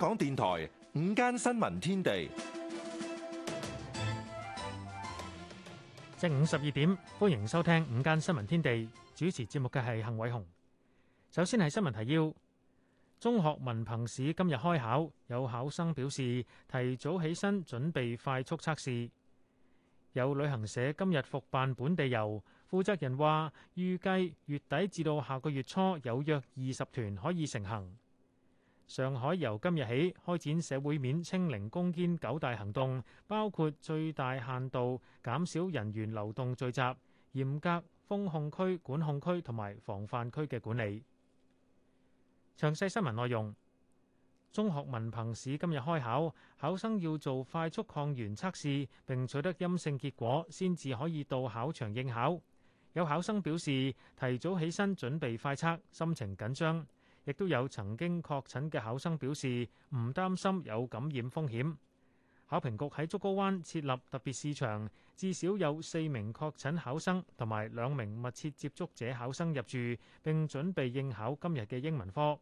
香港電台午間新聞天地，正午十二點，歡迎收聽午間新聞天地。主持節目嘅係幸偉雄。首先係新聞提要：中學文憑試今日開考，有考生表示提早起身準備快速測試。有旅行社今日復辦本地遊，負責人話預計月底至到下個月初有約二十團可以成行。上海由今日起開展社會面清零攻堅九大行動，包括最大限度減少人員流動聚集、嚴格封控區、管控區同埋防範區嘅管理。詳細新聞內容。中學文憑試今日開考，考生要做快速抗原測試並取得陰性結果，先至可以到考場應考。有考生表示提早起身準備快測，心情緊張。亦都有曾經確診嘅考生表示唔擔心有感染風險。考評局喺竹篙灣設立特別試場，至少有四名確診考生同埋兩名密切接觸者考生入住，並準備應考今日嘅英文科。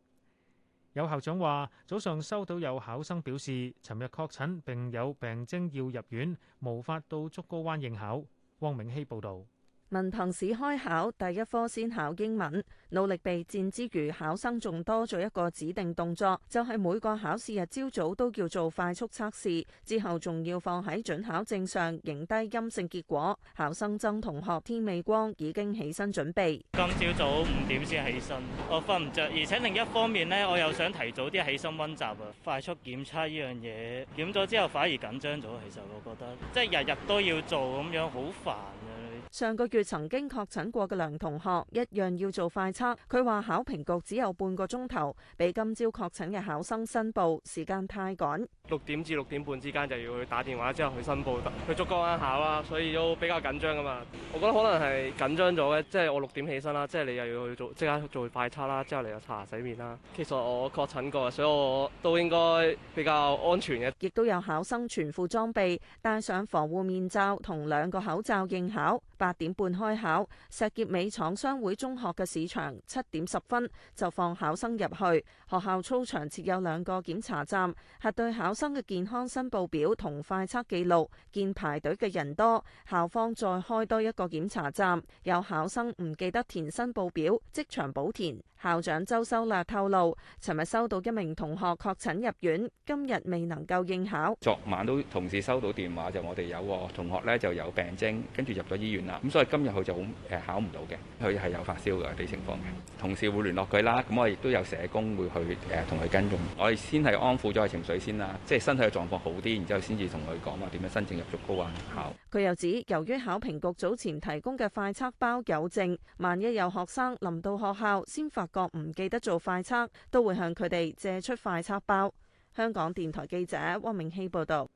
有校長話：早上收到有考生表示，尋日確診並有病徵要入院，無法到竹篙灣應考。汪明熙報導。文憑試開考第一科先考英文，努力備戰之餘，考生仲多咗一個指定動作，就係每個考試日朝早都叫做快速測試，之後仲要放喺準考證上影低陰性結果。考生曾同學天未光已經起身準備，今朝早五點先起身，我瞓唔着，而且另一方面呢，我又想提早啲起身溫習啊。快速檢測呢樣嘢檢咗之後反而緊張咗，其實我覺得即係日日都要做咁樣好煩啊。上個月曾經確診過嘅梁同學一樣要做快測，佢話考評局只有半個鐘頭畀今朝確診嘅考生申報，時間太趕，時間太趕。六點至六點半之間就要去打電話，之後去申報、去竹篙灣考啦，所以都比較緊張噶嘛。我覺得可能係緊張咗嘅，即係我六點起身啦，即係你又要去做即刻做快測啦，之後你又刷牙洗面啦。其實我確診過，所以我都應該比較安全嘅。亦都有考生全副裝備，戴上防護面罩同兩個口罩應考。八點半開考，石硤尾廠商會中學嘅市場，七點十分就放考生入去。學校操場設有兩個檢查站，核對考生。生嘅健康申報表同快測記錄，見排隊嘅人多，校方再開多一個檢查站。有考生唔記得填申報表，即場補填。校長周修立透露，尋日收到一名同學確診入院，今日未能夠應考。昨晚都同事收到電話，就我哋有同學呢就有病徵，跟住入咗醫院啦。咁所以今日佢就好誒、啊、考唔到嘅，佢係有發燒嘅啲情況嘅。同事會聯絡佢啦，咁我亦都有社工會去誒同佢跟進。我哋先係安撫咗佢情緒先啦，即係身體嘅狀況好啲，然之後先至同佢講話點樣申請入讀高安校。佢又指，由於考評局早前提供嘅快測包有剩，萬一有學生臨到學校先發。若唔記得做快測，都會向佢哋借出快測包。香港電台記者汪明希報導。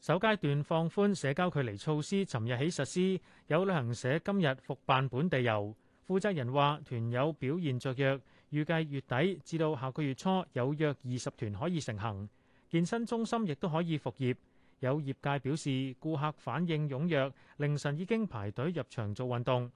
首階段放寬社交距離措施，尋日起實施。有旅行社今日復辦本地遊，負責人話團友表現雀躍，預計月底至到下個月初有約二十團可以成行。健身中心亦都可以復業，有業界表示顧客反應踴躍，凌晨已經排隊入場做運動。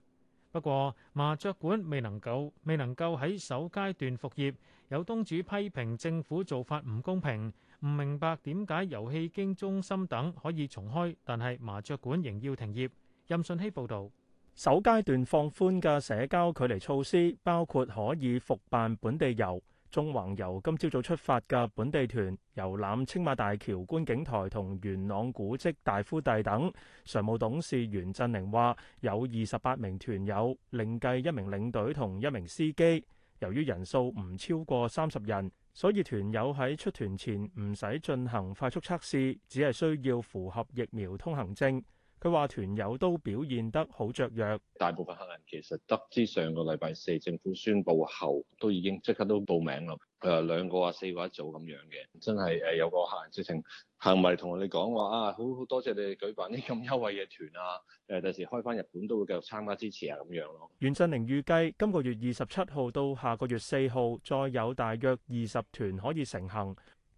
不過麻雀館未能夠未能夠喺首階段復業，有東主批評政府做法唔公平，唔明白點解遊戲經中心等可以重開，但係麻雀館仍要停業。任信希報導，首階段放寬嘅社交距離措施包括可以復辦本地遊。縱橫遊今朝早出發嘅本地團遊覽青馬大橋觀景台同元朗古蹟大夫第等，常務董事袁振寧話有二十八名團友，另計一名領隊同一名司機。由於人數唔超過三十人，所以團友喺出團前唔使進行快速測試，只係需要符合疫苗通行證。佢話團友都表現得好雀躍，大部分客人其實得知上個禮拜四政府宣佈後，都已經即刻都報名啦。佢話兩個或四個一組咁樣嘅，真係誒有個客人直情行埋同我哋講話啊，好好多謝你哋舉辦啲咁優惠嘅團啊，誒第時開翻日本都會繼續參加支持啊咁樣咯。袁振寧預計今個月二十七號到下個月四號，再有大約二十團可以成行。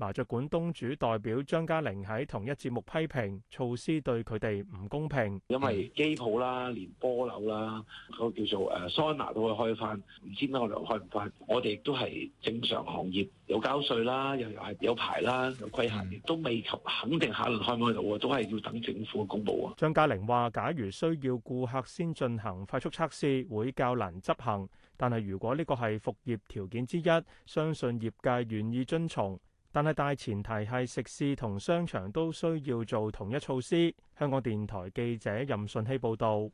麻雀館東主代表張嘉玲喺同一節目批評措施對佢哋唔公平，因為機鋪啦、連波樓啦，個叫做誒桑拿都可以開翻，唔知我哋開唔翻。我哋亦都係正常行業，有交稅啦，又又係有牌啦，有規限，亦都未及肯定下輪開唔開到啊，都係要等政府嘅公布啊。張嘉玲話，假如需要顧客先進行快速測試，會較難執行，但係如果呢個係復業條件之一，相信業界願意遵從。但係大前提係食肆同商場都需要做同一措施。香港電台記者任順希報導。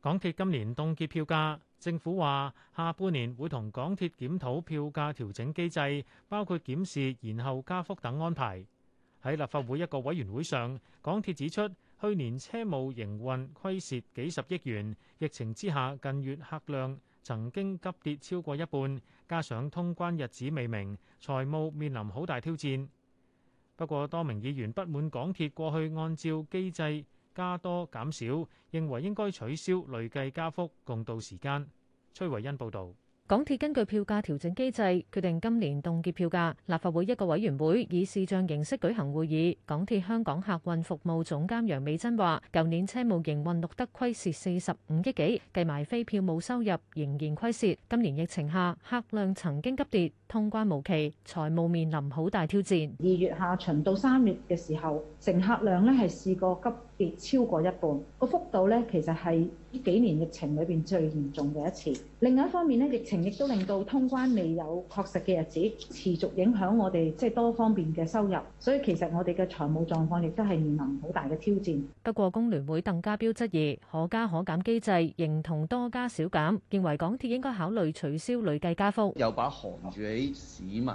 港鐵今年凍結票價，政府話下半年會同港鐵檢討票價調整機制，包括檢視延後加幅等安排。喺立法會一個委員會上，港鐵指出去年車務營運虧蝕幾十億元，疫情之下近月客量曾經急跌超過一半，加上通關日子未明，財務面臨好大挑戰。不過，多名議員不滿港鐵過去按照機制加多減少，認為應該取消累計加幅共度時間。崔惠恩報導。港鐵根據票價調整機制決定今年凍結票價。立法會一個委員會以視像形式舉行會議。港鐵香港客運服務總監楊美珍話，舊年車務營運錄得虧蝕四十五億幾，計埋非票務收入仍然虧蝕。今年疫情下客量曾經急跌，通關無期，財務面臨好大挑戰。二月下旬到三月嘅時候，乘客量呢係試過急跌超過一半，這個幅度咧其實係呢幾年疫情裏邊最嚴重嘅一次。另外一方面咧，疫情亦都令到通關未有確實嘅日子，持續影響我哋即係多方面嘅收入，所以其實我哋嘅財務狀況亦都係面臨好大嘅挑戰。不過工聯會鄧家彪質疑可加可減機制，認同多加少減，認為港鐵應該考慮取消累計加幅，又把寒住喺市民。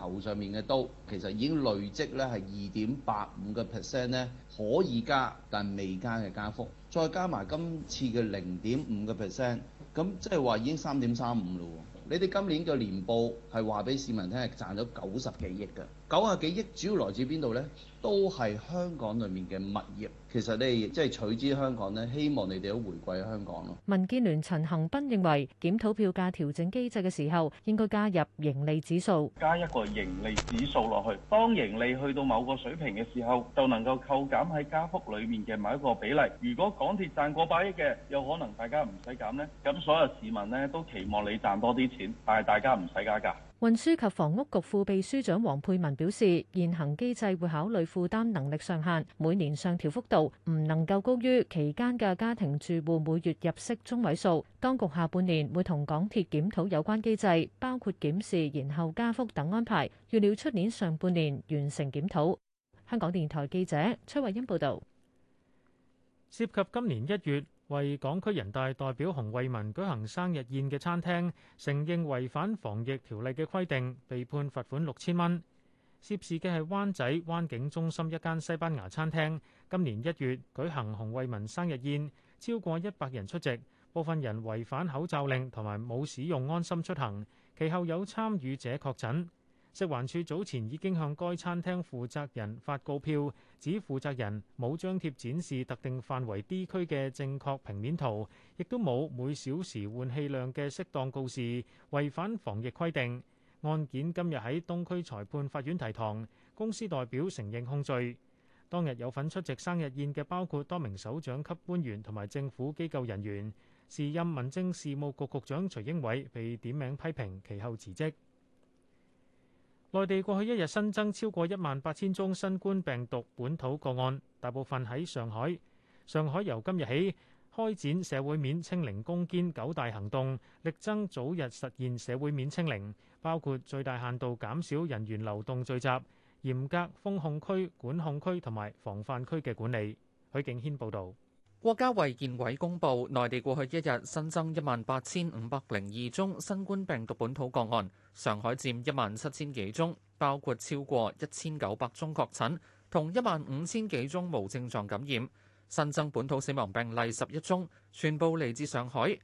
頭上面嘅刀其實已經累積咧係二點八五嘅 percent 咧可以加，但未加嘅加幅，再加埋今次嘅零點五嘅 percent，咁即係話已經三點三五嘞喎！你哋今年嘅年報係話俾市民聽係賺咗九十幾億㗎。九啊幾億主要來自邊度呢？都係香港裏面嘅物業。其實你即係、就是、取之香港咧，希望你哋都回歸香港咯。民建聯陳恒鑌認為檢討票價調整機制嘅時候，應該加入盈利指數，加一個盈利指數落去。當盈利去到某個水平嘅時候，就能夠扣減喺加幅裏面嘅某一個比例。如果港鐵賺過百億嘅，有可能大家唔使減呢。咁所有市民呢，都期望你賺多啲錢，但係大家唔使加價。運輸及房屋局副秘書長黃佩文表示，現行機制會考慮負擔能力上限，每年上調幅度唔能夠高於期間嘅家庭住戶每月入息中位數。當局下半年會同港鐵檢討有關機制，包括檢視延後加幅等安排。預料出年上半年完成檢討。香港電台記者崔慧欣報道，涉及今年一月。為港區人大代表洪為民舉行生日宴嘅餐廳，承認違反防疫條例嘅規定，被判罰款六千蚊。涉事嘅係灣仔灣景中心一間西班牙餐廳，今年一月舉行洪為民生日宴，超過一百人出席，部分人違反口罩令同埋冇使用安心出行，其後有參與者確診。食環署早前已經向該餐廳負責人發告票，指負責人冇張貼展示特定範圍 D 區嘅正確平面圖，亦都冇每小時換氣量嘅適當告示，違反防疫規定。案件今日喺東區裁判法院提堂，公司代表承認控罪。當日有份出席生日宴嘅包括多名首長級官員同埋政府機構人員，時任民政事務局局長徐英偉被點名批評，其後辭職。內地過去一日新增超過一萬八千宗新冠病毒本土個案，大部分喺上海。上海由今日起開展社會面清零攻堅九大行動，力爭早日實現社會面清零，包括最大限度減少人員流動聚集、嚴格封控區、管控區同埋防範區嘅管理。許景軒報導。國家衛健委公布，內地過去一日新增一萬八千五百零二宗新冠病毒本土個案，上海佔一萬七千幾宗，包括超過一千九百宗確診，同一萬五千幾宗無症狀感染，新增本土死亡病例十一宗，全部嚟自上海。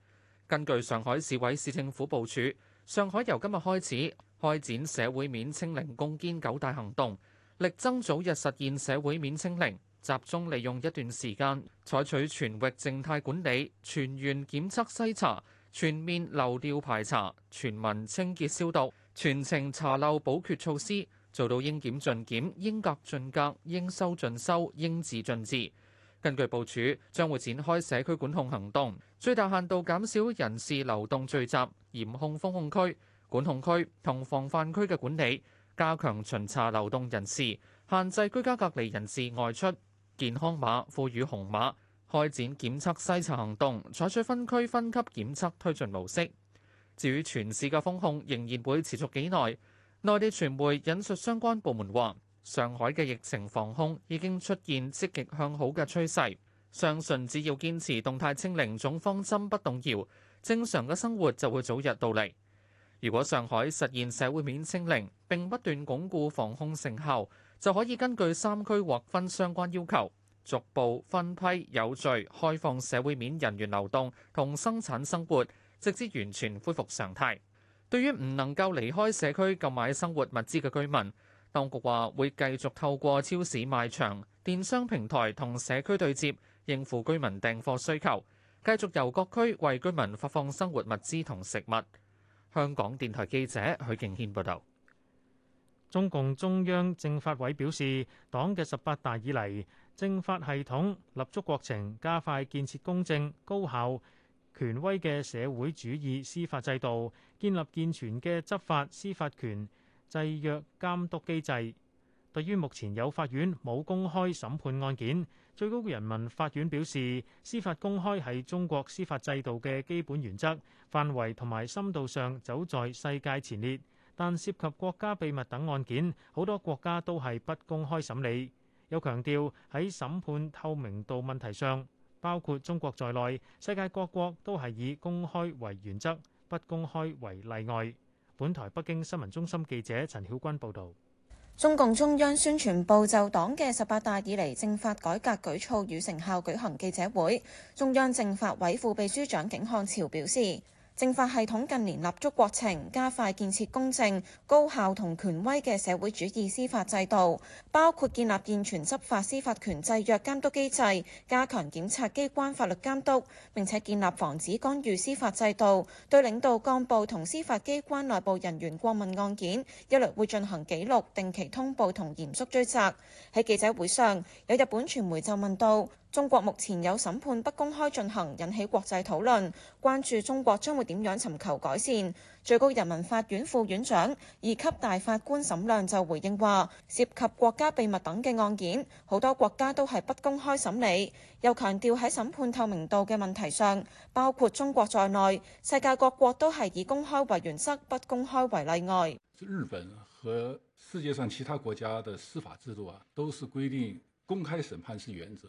根據上海市委市政府部署，上海由今日開始開展社會面清零攻堅九大行動，力爭早日實現社會面清零。集中利用一段時間，採取全域靜態管理、全員檢測篩查、全面流調排查、全民清潔消毒、全程查漏補缺措施，做到應檢盡檢、應隔盡隔、應收盡收、應治盡治。根據部署，將會展開社區管控行動，最大限度減少人士流動聚集，嚴控封控區、管控區同防範區嘅管理，加強巡查流動人士，限制居家隔離人士外出。健康碼賦予紅碼，開展檢測篩查行動，採取分區分級檢測推進模式。至於全市嘅封控仍然會持續幾耐？內地傳媒引述相關部門話：上海嘅疫情防控已經出現積極向好嘅趨勢，相信只要堅持動態清零總方針不動搖，正常嘅生活就會早日到嚟。如果上海實現社會面清零並不斷鞏固防控成效，就可以根據三區劃分相關要求，逐步分批有序開放社會面人員流動同生產生活，直至完全恢復常態。對於唔能夠離開社區購買生活物資嘅居民，當局話會繼續透過超市賣場、電商平台同社區對接，應付居民訂貨需求，繼續由各區為居民發放生活物資同食物。香港電台記者許敬軒報道。中共中央政法委表示，黨嘅十八大以嚟，政法系統立足國情，加快建設公正、高效、權威嘅社會主義司法制度，建立健全嘅執法、司法權制約監督機制。對於目前有法院冇公開審判案件，最高人民法院表示，司法公開係中國司法制度嘅基本原則，範圍同埋深度上走在世界前列。但涉及國家秘密等案件，好多國家都係不公開審理。又強調喺審判透明度問題上，包括中國在內，世界各國都係以公開為原則，不公開為例外。本台北京新聞中心記者陳曉君報道。中共中央宣傳部就黨嘅十八大以嚟政法改革舉措與成效舉行記者會，中央政法委副秘書長景漢朝表示，政法系統近年立足國情，加快建設公正、高效同權威嘅社會主義司法制度，包括建立健全執法司法權制約監督機制，加強檢察機關法律監督，並且建立防止干預司法制度，對領導幹部同司法機關內部人員過問案件一律會進行記錄，定期通報同嚴肅追責。喺記者會上，有日本傳媒就問到。中國目前有審判不公開進行，引起國際討論，關注中國將會點樣尋求改善。最高人民法院副院長、二級大法官沈亮就回應話：涉及國家秘密等嘅案件，好多國家都係不公開審理。又強調喺審判透明度嘅問題上，包括中國在內，世界各國都係以公開為原則，不公開為例外。日本和世界上其他國家的司法制度啊，都是規定公開審判是原則。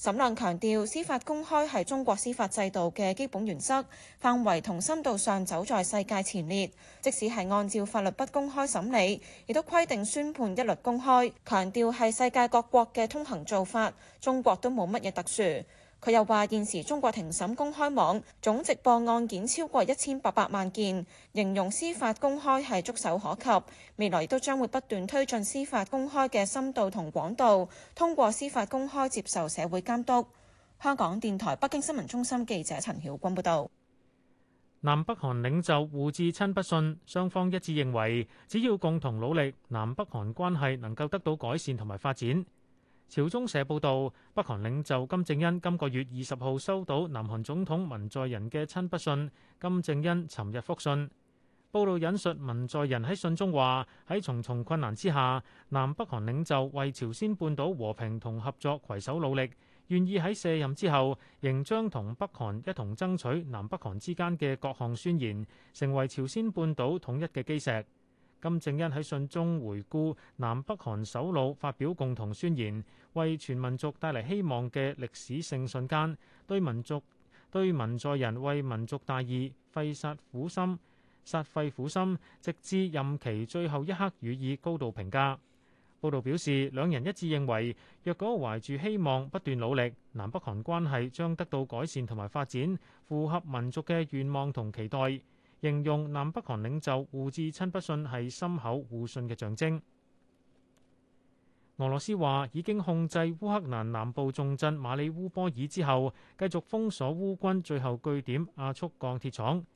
沈亮強調，司法公開係中國司法制度嘅基本原則，範圍同深度上走在世界前列。即使係按照法律不公開審理，亦都規定宣判一律公開，強調係世界各國嘅通行做法，中國都冇乜嘢特殊。佢又話：現時中國庭審公開網總直播案件超過一千八百萬件，形容司法公開係觸手可及。未來亦都將會不斷推進司法公開嘅深度同廣度，通過司法公開接受社會監督。香港電台北京新聞中心記者陳曉君報導。南北韓領袖互致親筆信，雙方一致認為只要共同努力，南北韓關係能夠得到改善同埋發展。朝中社報導，北韓領袖金正恩今個月二十號收到南韓總統文在寅嘅親筆信，金正恩尋日復信。報道引述文在寅喺信中話：喺重重困難之下，南北韓領袖為朝鮮半島和平同合作攜手努力，願意喺卸任之後仍將同北韓一同爭取南北韓之間嘅各項宣言，成為朝鮮半島統一嘅基石。金正恩喺信中回顧南北韓首腦發表共同宣言，為全民族帶嚟希望嘅歷史性瞬間，對民族、對文在寅為民族大義費煞苦心煞費苦心，直至任期最後一刻予以高度評價。報導表示，兩人一致認為，若果懷住希望不斷努力，南北韓關係將得到改善同埋發展，符合民族嘅願望同期待。形容南北韓領袖互致親不信係深厚互信嘅象徵。俄羅斯話已經控制烏克蘭南部重鎮馬里烏波爾之後，繼續封鎖烏軍最後據點亞速鋼鐵廠。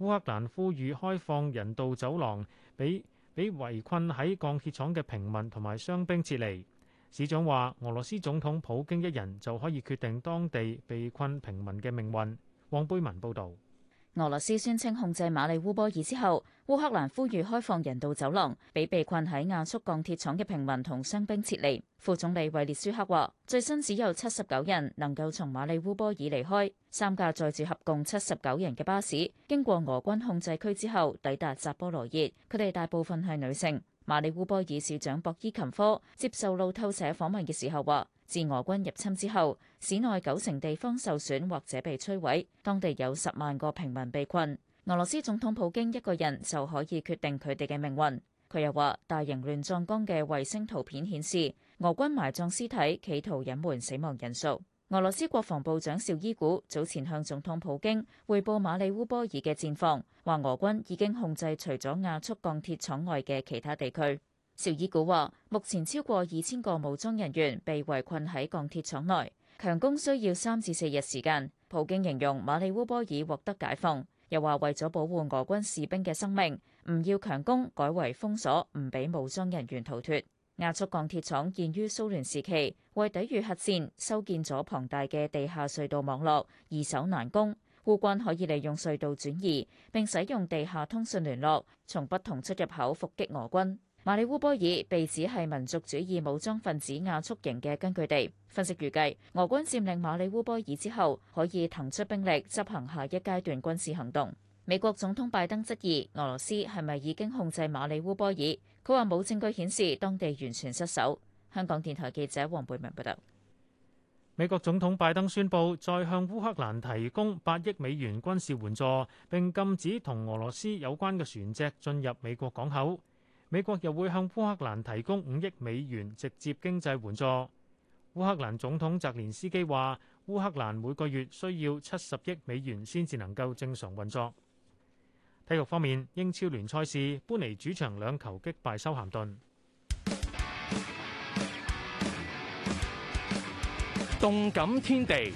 烏克蘭呼籲開放人道走廊，俾、俾圍困喺鋼鐵廠嘅平民同埋傷兵撤離。市長話：俄羅斯總統普京一人就可以決定當地被困平民嘅命運。黃貝文報導。俄羅斯宣稱控制馬里烏波爾之後，烏克蘭呼籲開放人道走廊，俾被，被困喺亞速鋼鐵廠嘅平民同傷兵撤離。副總理韋列舒克話，最新只有七十九人能夠從馬里烏波爾離開，三架載住合共七十九人嘅巴士經過俄軍控制區之後，抵達扎波羅熱。佢哋大部分係女性。馬里烏波爾市長博伊琴科接受路透社訪問嘅時候話。自俄軍入侵之後，市內九成地方受損或者被摧毀，當地有十萬個平民被困。俄羅斯總統普京一個人就可以決定佢哋嘅命運，佢又話：大型亂葬崗嘅衛星圖片顯示，俄軍埋葬屍體，企圖隱瞞死亡人數。俄羅斯國防部長邵伊古早前向總統普京匯報馬里烏波爾嘅戰況，話俄軍已經控制除咗亞速鋼鐵廠外嘅其他地區。紹伊古話：目前超過二千個武裝人員被圍困喺鋼鐵廠內，強攻需要三至四日時間。普京形容馬里烏波爾獲得解放，又話為咗保護俄軍士兵嘅生命，唔要強攻，改為封鎖，唔俾武裝人員逃脱。亞速鋼鐵廠建於蘇聯時期，為抵御核戰，修建咗龐大嘅地下隧道網絡，易守難攻。烏軍可以利用隧道轉移，並使用地下通訊聯絡，從不同出入口伏擊俄軍。馬里烏波爾被指係民族主義武裝分子亞速營嘅根據地。分析預計，俄軍佔領馬里烏波爾之後，可以騰出兵力執行下一階段軍事行動。美國總統拜登質疑俄羅斯係咪已經控制馬里烏波爾？佢話冇證據顯示當地完全失守。香港電台記者黃貝明報道。美國總統拜登宣布再向烏克蘭提供八億美元軍事援助，並禁止同俄羅斯有關嘅船隻進入美國港口。美國又會向烏克蘭提供五億美元直接經濟援助。烏克蘭總統澤連斯基話：烏克蘭每個月需要七十億美元先至能夠正常運作。體育方面，英超聯賽事般尼主場兩球擊敗修咸頓。動感天地，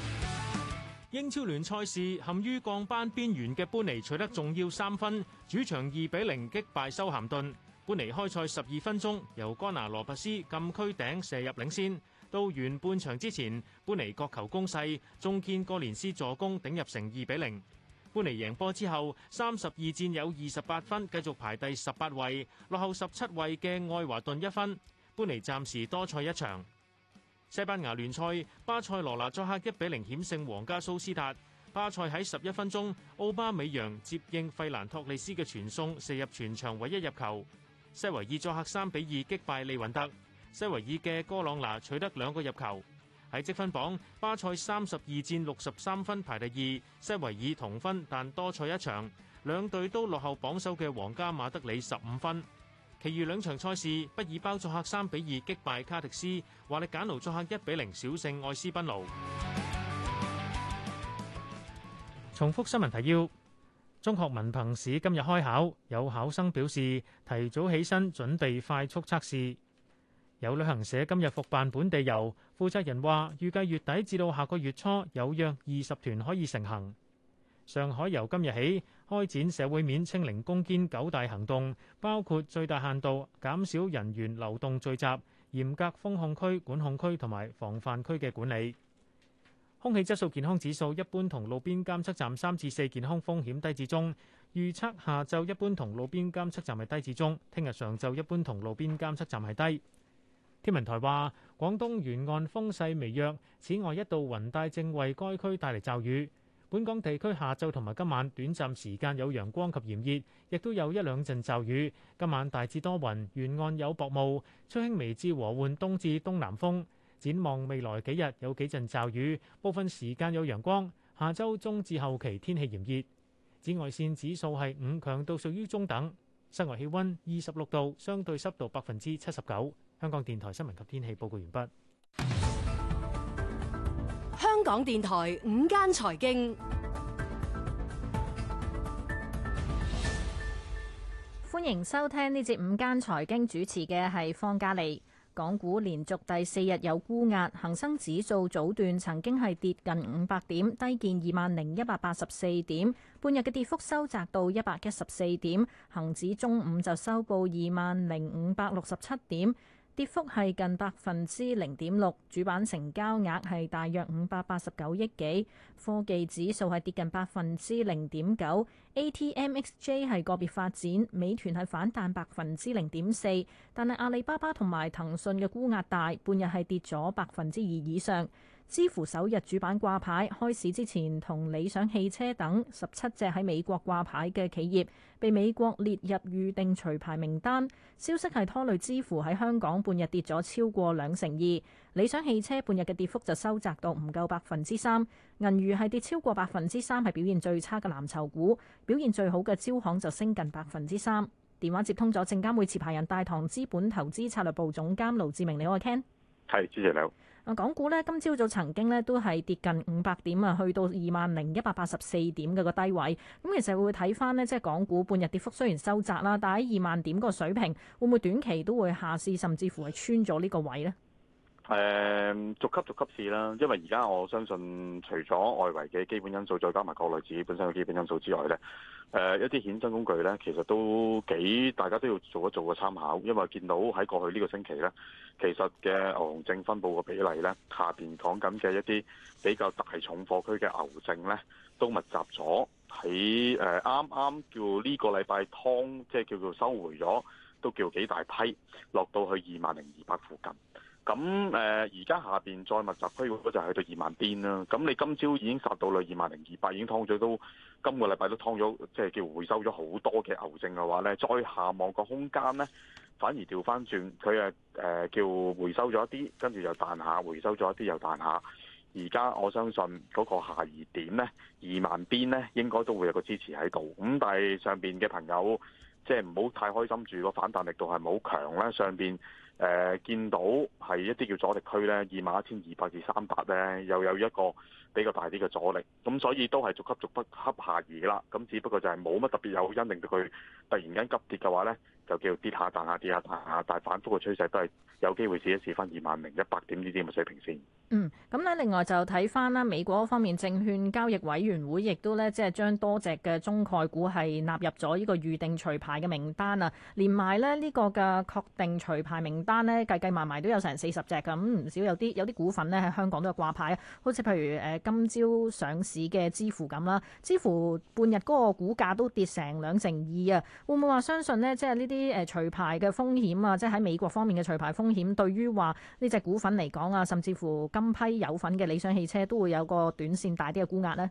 英超聯賽事陷於降班邊緣嘅般尼取得重要三分，主場二比零擊敗修咸頓。本尼開賽十二分鐘，由干拿羅拔斯禁區頂射入領先。到完半場之前，搬尼角球攻勢，中堅哥連斯助攻頂入成二比零。搬尼贏波之後，三十二戰有二十八分，繼續排第十八位，落後十七位嘅愛華頓一分。搬尼暫時多賽一場。西班牙聯賽，巴塞羅那作客一比零險勝皇家蘇斯達。巴塞喺十一分鐘，奧巴美揚接應費蘭托利斯嘅傳送射入全場唯一入球。西維爾作客三比二擊敗利雲特，西維爾嘅哥朗拿取得兩個入球。喺積分榜，巴塞三十二戰六十三分排第二，西維爾同分但多賽一場，兩隊都落後榜首嘅皇家馬德里十五分。其餘兩場賽事，畢爾包作客三比二擊敗卡迪斯，華力簡奴作客一比零小勝愛斯賓奴。重複新聞提要。中學文憑試今日開考，有考生表示提早起身準備快速測試。有旅行社今日復辦本地遊，負責人話預計月底至到下個月初有約二十團可以成行。上海由今日起開展社會面清零攻堅九大行動，包括最大限度減少人員流動聚集、嚴格封控區、管控區同埋防範區嘅管理。空氣質素健康指數一般同路邊監測站三至四，健康風險低至中。預測下晝一般同路邊監測站係低至中，聽日上晝一般同路邊監測站係低。天文台話，廣東沿岸風勢微弱，此外一道雲帶正為該區帶嚟驟雨。本港地區下晝同埋今晚短暫時間有陽光及炎熱，亦都有一兩陣驟雨。今晚大致多雲，沿岸有薄霧，吹輕微至和緩東至東南風。展望未來幾日有幾陣驟雨，部分時間有陽光。下周中至後期天氣炎熱，紫外線指數係五，強度屬於中等。室外氣溫二十六度，相對濕度百分之七十九。香港電台新聞及天氣報告完畢。香港電台午間財經，歡迎收聽呢節午間財經，主持嘅係方嘉莉。港股連續第四日有沽壓，恒生指數早段曾經係跌近五百點，低見二萬零一百八十四點，半日嘅跌幅收窄到一百一十四點，恒指中午就收報二萬零五百六十七點。跌幅係近百分之零點六，主板成交額係大約五百八十九億幾。科技指數係跌近百分之零點九。ATMXJ 係個別發展，美團係反彈百分之零點四，但係阿里巴巴同埋騰訊嘅沽壓大，半日係跌咗百分之二以上。支付首日主板掛牌開市之前，同理想汽車等十七隻喺美國掛牌嘅企業被美國列入預定除牌名單。消息係拖累支付喺香港半日跌咗超過兩成二，理想汽車半日嘅跌幅就收窄到唔夠百分之三。銀娛係跌超過百分之三，係表現最差嘅藍籌股。表現最好嘅招行就升近百分之三。電話接通咗證監會持牌人大唐資本投資策略部總監盧志明，你好，Ken。係，主持人你好。港股呢，今朝早曾經呢都係跌近五百點啊，去到二萬零一百八十四點嘅個低位。咁其實會睇返呢，即係港股半日跌幅雖然收窄啦，但喺二萬點個水平，會唔會短期都會下試，甚至乎係穿咗呢個位呢？誒、嗯、逐級逐級試啦，因為而家我相信除咗外圍嘅基本因素，再加埋國內自己本身嘅基本因素之外呢誒、呃、一啲衍生工具呢，其實都幾大家都要做一做一個參考，因為見到喺過去呢個星期呢，其實嘅牛熊證分佈嘅比例呢，下邊講緊嘅一啲比較大重貨區嘅牛證呢，都密集咗喺誒，啱啱叫呢個禮拜湯，即係叫做收回咗，都叫幾大批落到去二萬零二百附近。咁誒，而家、呃、下邊再密集區嗰個就去到二萬邊啦。咁你今朝已經殺到啦，二萬零二百已經㓥咗都，今個禮拜都劏咗，即係叫回收咗好多嘅牛證嘅話咧，再下望個空間咧，反而調翻轉，佢啊誒叫回收咗一啲，跟住又彈下，回收咗一啲又彈下。而家我相信嗰個下移點咧，二萬邊咧應該都會有個支持喺度。咁但係上邊嘅朋友即係唔好太開心住，個反彈力度係唔好強咧。上邊。誒、呃、見到係一啲叫阻力區呢，二萬一千二百至三百呢，又有一個比較大啲嘅阻力，咁所以都係逐級逐級下移啦。咁只不過就係冇乜特別有因令到佢突然間急跌嘅話呢。就叫跌下彈下跌下彈下，但係反覆嘅趨勢都係有機會試一試翻二萬零一百點呢啲咁嘅水平先。嗯，咁呢，另外就睇翻啦，美國方面證券交易委員會亦都呢，即係將多隻嘅中概股係納入咗呢個預定除牌嘅名單啊。連埋呢呢個嘅確定除牌名單呢，計計埋埋都有成四十隻咁。唔少有啲有啲股份呢，喺香港都有掛牌啊。好似譬如誒今朝上市嘅知乎咁啦，知乎半日嗰個股價都跌成兩成二啊！會唔會話相信呢？即係呢啲？啲誒除牌嘅風險啊，即係喺美國方面嘅除牌風險，對於話呢隻股份嚟講啊，甚至乎今批有份嘅理想汽車都會有個短線大啲嘅估壓咧。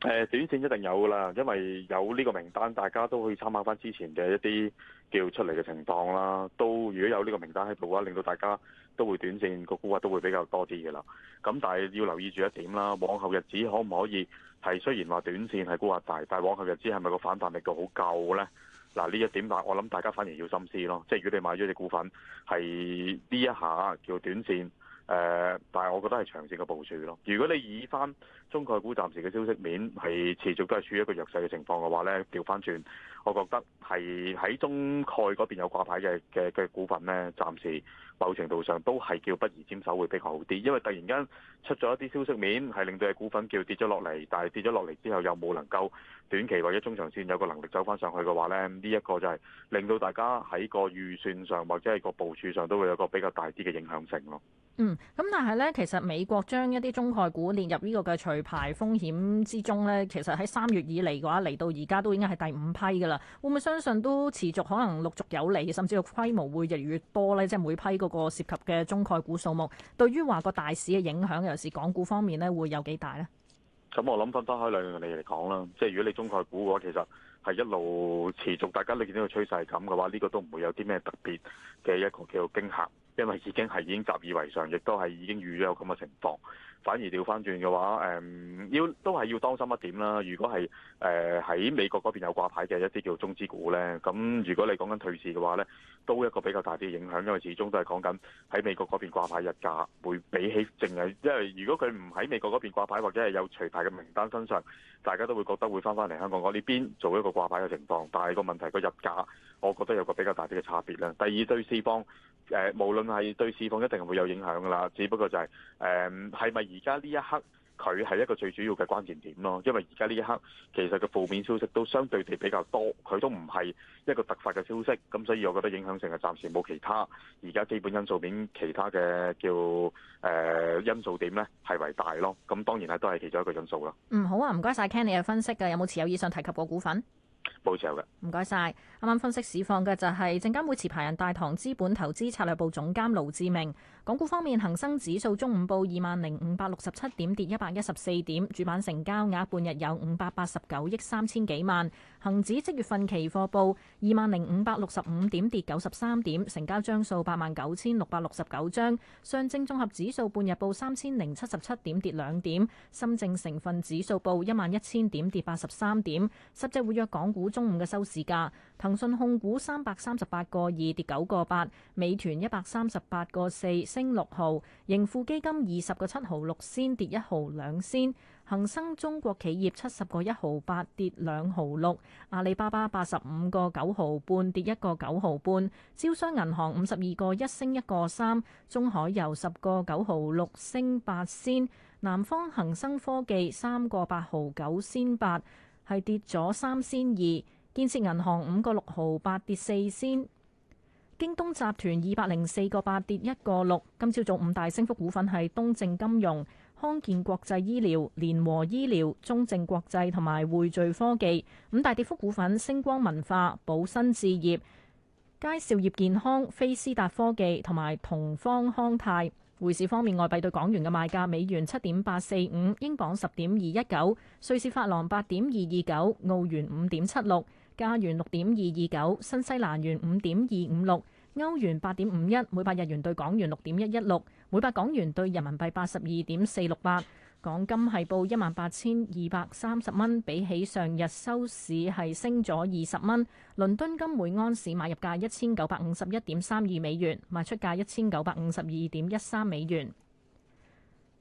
誒，短線一定有噶啦，因為有呢個名單，大家都可以參考翻之前嘅一啲叫出嚟嘅情況啦。都如果有呢個名單喺度嘅話，令到大家都會短線個估壓都會比較多啲嘅啦。咁但係要留意住一點啦，往後日子可唔可以係雖然話短線係估壓大，但係往後日子係咪個反彈力度好夠呢？嗱，呢一點大，我諗大家反而要心思咯。即係如果你買咗隻股份，係呢一下叫短線，誒、呃，但係我覺得係長線嘅部署咯。如果你以翻中概股暫時嘅消息面係持續都係處於一個弱勢嘅情況嘅話呢，調翻轉，我覺得係喺中概嗰邊有掛牌嘅嘅嘅股份呢，暫時某程度上都係叫不宜沾手會比較好啲。因為突然間出咗一啲消息面係令到隻股份叫跌咗落嚟，但係跌咗落嚟之後又冇能夠。短期或者中長線有個能力走翻上去嘅話咧，呢一個就係令到大家喺個預算上或者係個部署上都會有個比較大啲嘅影響性咯。嗯，咁但係咧，其實美國將一啲中概股列入呢個嘅除牌風險之中咧，其實喺三月以嚟嘅話，嚟到而家都已經係第五批噶啦。會唔會相信都持續可能陸續有嚟，甚至個規模會越嚟越多咧？即係每批嗰個涉及嘅中概股數目，對於話個大市嘅影響，尤其是港股方面咧，會有幾大咧？咁我諗分分開兩樣嘢嚟講啦，即係如果你中概股嘅話，其實係一路持續，大家你見到個趨勢係咁嘅話，呢個都唔會有啲咩特別嘅一個叫做驚嚇，因為已經係已經習以為常，亦都係已經預咗有咁嘅情況。反而調翻轉嘅話，誒、嗯、要都係要當心一點啦。如果係誒喺美國嗰邊有掛牌嘅一啲叫中資股呢，咁如果你講緊退市嘅話呢，都一個比較大啲嘅影響，因為始終都係講緊喺美國嗰邊掛牌日價會比起淨係，因為如果佢唔喺美國嗰邊掛牌或者係有除牌嘅名單身上，大家都會覺得會翻返嚟香港呢邊做一個掛牌嘅情況，但係個問題個日價，我覺得有個比較大啲嘅差別啦。第二對市況，誒、呃、無論係對市況一定係會有影響噶啦，只不過就係誒係咪？呃是而家呢一刻，佢係一個最主要嘅關鍵點咯，因為而家呢一刻其實個負面消息都相對地比較多，佢都唔係一個突發嘅消息，咁所以我覺得影響性係暫時冇其他。而家基本因素面，其他嘅叫誒、呃、因素點咧係為大咯。咁當然啦，都係其中一個因素咯。嗯，好啊，唔該晒。Ken，你有嘅分析嘅有冇持有以上提及過股份？唔該晒。啱啱分析市況嘅就係證監會持牌人大唐資本投資策略部總監盧志明。港股方面，恒生指數中午報二萬零五百六十七點，跌一百一十四點，主板成交額半日有五百八十九億三千幾萬。恒指即月份期貨報二萬零五百六十五點，跌九十三點，成交張數八萬九千六百六十九張。上證綜合指數半日報三千零七十七點，跌兩點。深證成分指數報一萬一千點，跌八十三點。十隻活躍港股。中午嘅收市價，騰訊控股三百三十八個二跌九個八，美團一百三十八個四升六毫，盈富基金二十個七毫六仙跌一毫兩仙，恒生中國企業七十個一毫八跌兩毫六，阿里巴巴八十五個九毫半跌一個九毫半，招商銀行五十二個一升一個三，中海油十個九毫六升八仙，南方恒生科技三個八毫九仙八。係跌咗三仙二，建設銀行五個六毫八跌四仙，京東集團二百零四個八跌一個六。今朝早五大升幅股份係東正金融、康健國際醫療、聯和醫療、中正國際同埋匯聚科技。五大跌幅股份：星光文化、寶新置業、佳兆業健康、飛思達科技同埋同方康泰。匯市方面，外幣對港元嘅賣價：美元七點八四五，英鎊十點二一九，瑞士法郎八點二二九，澳元五點七六，加元六點二二九，新西蘭元五點二五六，歐元八點五一，每百日元對港元六點一一六，每百港元對人民幣八十二點四六八。港金係報一萬八千二百三十蚊，比起上日收市係升咗二十蚊。倫敦金每安士買入價一千九百五十一點三二美元，賣出價一千九百五十二點一三美元。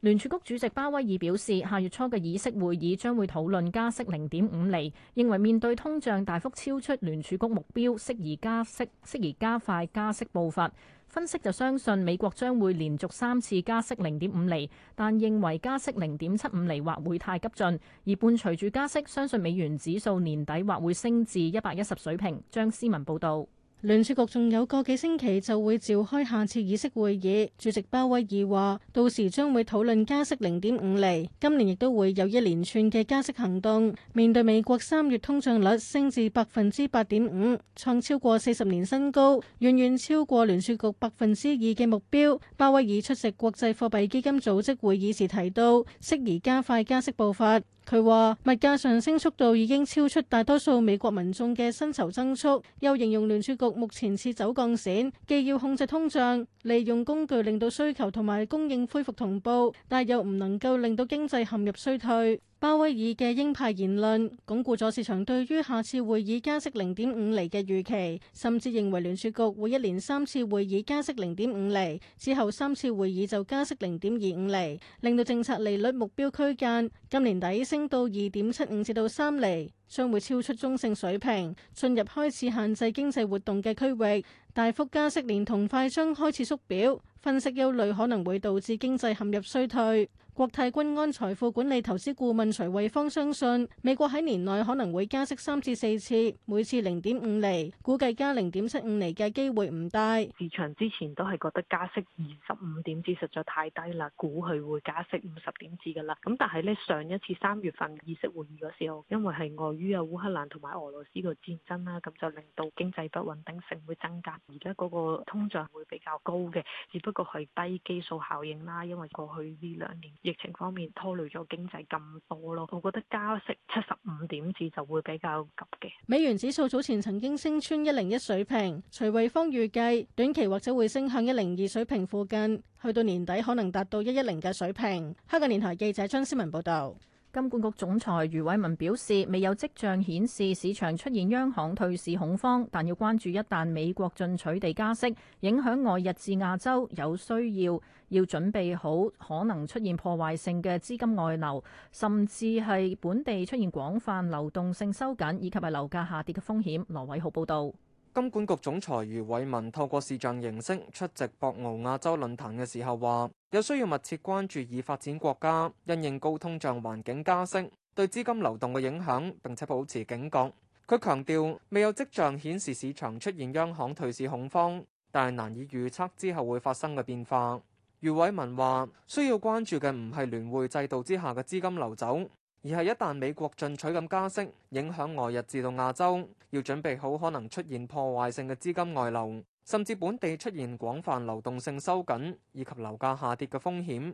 聯儲局主席鮑威爾表示，下月初嘅議息會議將會討論加息零點五厘，認為面對通脹大幅超出聯儲局目標，適宜加息，適宜加快加息步伐。分析就相信美國將會連續三次加息零點五厘，但認為加息零點七五厘或會太急進，而伴隨住加息，相信美元指數年底或會升至一百一十水平。張思文報道。聯儲局仲有個幾星期就會召開下次議息會議，主席鮑威爾話，到時將會討論加息零點五厘，今年亦都會有一連串嘅加息行動。面對美國三月通脹率升至百分之八點五，創超過四十年新高，遠遠超過聯儲局百分之二嘅目標。鮑威爾出席國際貨幣基金組織會議時提到，適宜加快加息步伐。佢話：物價上升速度已經超出大多數美國民眾嘅薪酬增速，又形容聯儲局目前似走鋼線，既要控制通脹，利用工具令到需求同埋供應恢復同步，但又唔能夠令到經濟陷入衰退。鮑威爾嘅鷹派言論鞏固咗市場對於下次會議加息零點五厘嘅預期，甚至認為聯儲局會一連三次會議加息零點五厘，之後三次會議就加息零點二五厘，令到政策利率目標區間今年底升到二點七五至到三厘，將會超出中性水平，進入開始限制經濟活動嘅區域，大幅加息連同快將開始縮表，分析憂慮可能會導致經濟陷入衰退。國泰君安財富管理投資顧問徐慧芳相信，美國喺年內可能會加息三至四次，每次零點五厘，估計加零點七五厘嘅機會唔大。市場之前都係覺得加息二十五點子實在太低啦，估佢會加息五十點子噶啦。咁但係呢，上一次三月份議息會議嗰時候，因為係礙於啊烏克蘭同埋俄羅斯個戰爭啦，咁就令到經濟不穩定性會增加，而家嗰個通脹會比較高嘅，只不過係低基數效應啦，因為過去呢兩年。疫情方面拖累咗經濟咁多咯，我覺得加息七十五點子就會比較急嘅。美元指數早前曾經升穿一零一水平，徐慧芳預計短期或者會升向一零二水平附近，去到年底可能達到一一零嘅水平。香港電台記者張思文報道。金管局總裁余偉文表示，未有跡象顯示市場出現央行退市恐慌，但要關注一旦美國進取地加息，影響外日至亞洲有需要，要準備好可能出現破壞性嘅資金外流，甚至係本地出現廣泛流動性收緊以及係樓價下跌嘅風險。羅偉豪報導。金管局總裁余偉文透過視像形式出席博鰲亞洲論壇嘅時候話，有需要密切關注已發展國家因應高通脹環境加息對資金流動嘅影響，並且保持警覺。佢強調未有跡象顯示市場出現央行退市恐慌，但係難以預測之後會發生嘅變化。余偉文話，需要關注嘅唔係聯匯制度之下嘅資金流走，而係一旦美國進取咁加息影響外日至到亞洲，要準備好可能出現破壞性嘅資金外流，甚至本地出現廣泛流動性收緊，以及樓價下跌嘅風險。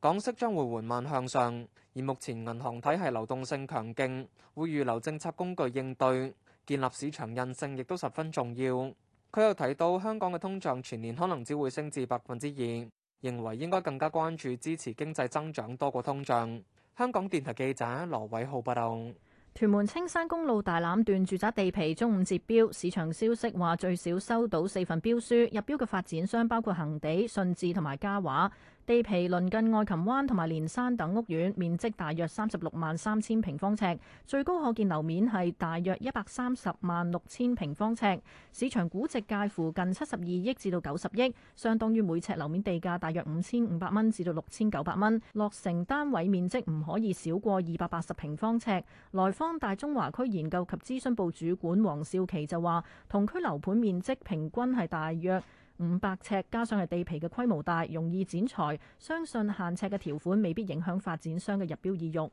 港息將會緩慢向上，而目前銀行體系流動性強勁，會預留政策工具應對。建立市場韌性亦都十分重要。佢又提到，香港嘅通脹全年可能只會升至百分之二，認為應該更加關注支持經濟增長多過通脹。香港電台記者羅偉浩報道。屯門青山公路大欖段住宅地皮中午截標，市場消息話最少收到四份標書，入標嘅發展商包括恒地、信置同埋嘉華。地皮鄰近愛琴灣同埋連山等屋苑，面積大約三十六萬三千平方尺，最高可建樓面係大約一百三十萬六千平方尺，市場估值介乎近七十二億至到九十億，相當於每尺樓面地價大約五千五百蚊至到六千九百蚊。落成單位面積唔可以少過二百八十平方尺。萊坊大中華區研究及諮詢部主，主管黃少琪就話，同區樓盤面積平均係大約。五百尺加上係地皮嘅規模大，容易剪裁，相信限尺嘅條款未必影響發展商嘅入標意欲。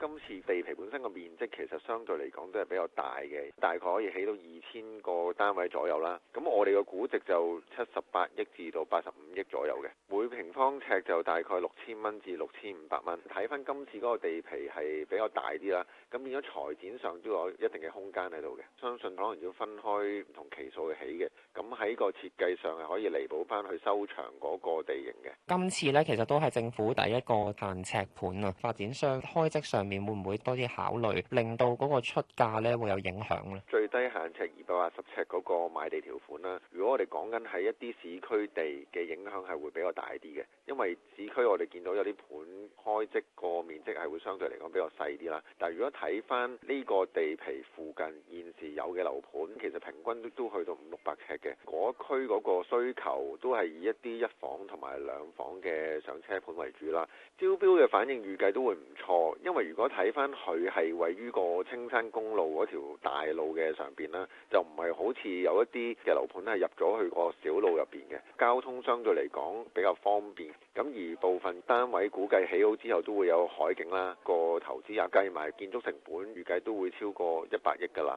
今次地皮本身嘅面積其實相對嚟講都係比較大嘅，大概可以起到二千個單位左右啦。咁我哋嘅估值就七十八億至到八十五億左右嘅，每平方尺就大概六千蚊至六千五百蚊。睇翻今次嗰個地皮係比較大啲啦，咁變咗財展上都有一定嘅空間喺度嘅。相信可能要分開唔同期數去起嘅，咁喺個設計上係可以彌補翻去收長嗰個地形嘅。今次咧其實都係政府第一個限呎盤啊，發展商開則上，會唔會多啲考慮，令到嗰個出價咧會有影響咧？最低限尺二百八十尺嗰個買地條款啦。如果我哋講緊喺一啲市區地嘅影響係會比較大啲嘅，因為市區我哋見到有啲盤開則個面積係會相對嚟講比較細啲啦。但係如果睇翻呢個地皮附近現時有嘅樓盤，其實平均都去到五六百尺嘅。嗰區嗰個需求都係以一啲一房同埋兩房嘅上車盤為主啦。招標嘅反應預計都會唔錯，因為如如果睇翻佢係位於個青山公路嗰條大路嘅上邊啦，就唔係好似有一啲嘅樓盤係入咗去個小路入邊嘅，交通相對嚟講比較方便。咁而部分單位估計起好之後都會有海景啦，個投資額計埋建築成本，預計都會超過一百億㗎啦。